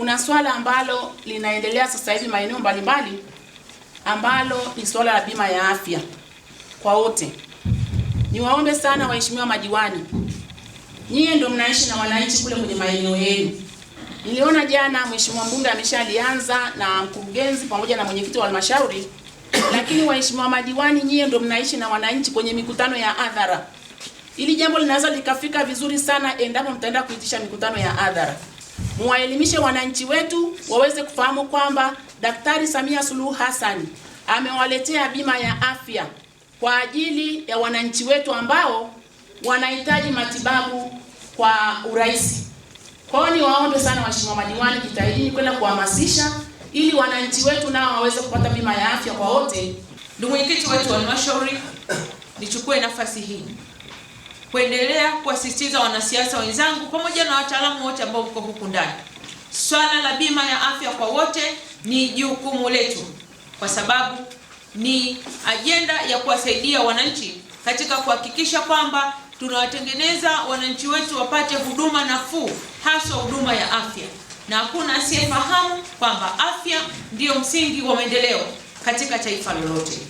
kuna swala ambalo linaendelea sasa hivi maeneo mbalimbali ambalo ni swala la bima ya afya kwa wote. Niwaombe sana waheshimiwa madiwani, nyie ndio mnaishi na wananchi kule kwenye maeneo yenu. Niliona jana mheshimiwa mbunge ameshalianza na mkurugenzi pamoja na mwenyekiti wa halmashauri, lakini waheshimiwa madiwani, nyie ndio mnaishi na wananchi kwenye mikutano ya hadhara. ili jambo linaweza likafika vizuri sana endapo mtaenda kuitisha mikutano ya hadhara mwaelimishe wananchi wetu waweze kufahamu kwamba Daktari Samia Suluhu Hassan amewaletea bima ya afya kwa ajili ya wananchi wetu ambao wanahitaji matibabu kwa urahisi. Kwa hiyo niwaombe sana waheshimiwa madiwani, jitahidini kwenda kuhamasisha ili wananchi wetu nao waweze kupata bima ya afya kwa wote. Ndugu mwenyekiti wetu wa halmashauri, nichukue nafasi hii kuendelea kuwasisitiza wanasiasa wenzangu pamoja na wataalamu wote ambao mko huku ndani, swala la bima ya afya kwa wote ni jukumu letu, kwa sababu ni ajenda ya kuwasaidia wananchi katika kuhakikisha kwamba tunawatengeneza wananchi wetu wapate huduma nafuu, haswa huduma ya afya, na hakuna asiyefahamu kwamba afya ndiyo msingi wa maendeleo katika taifa lolote.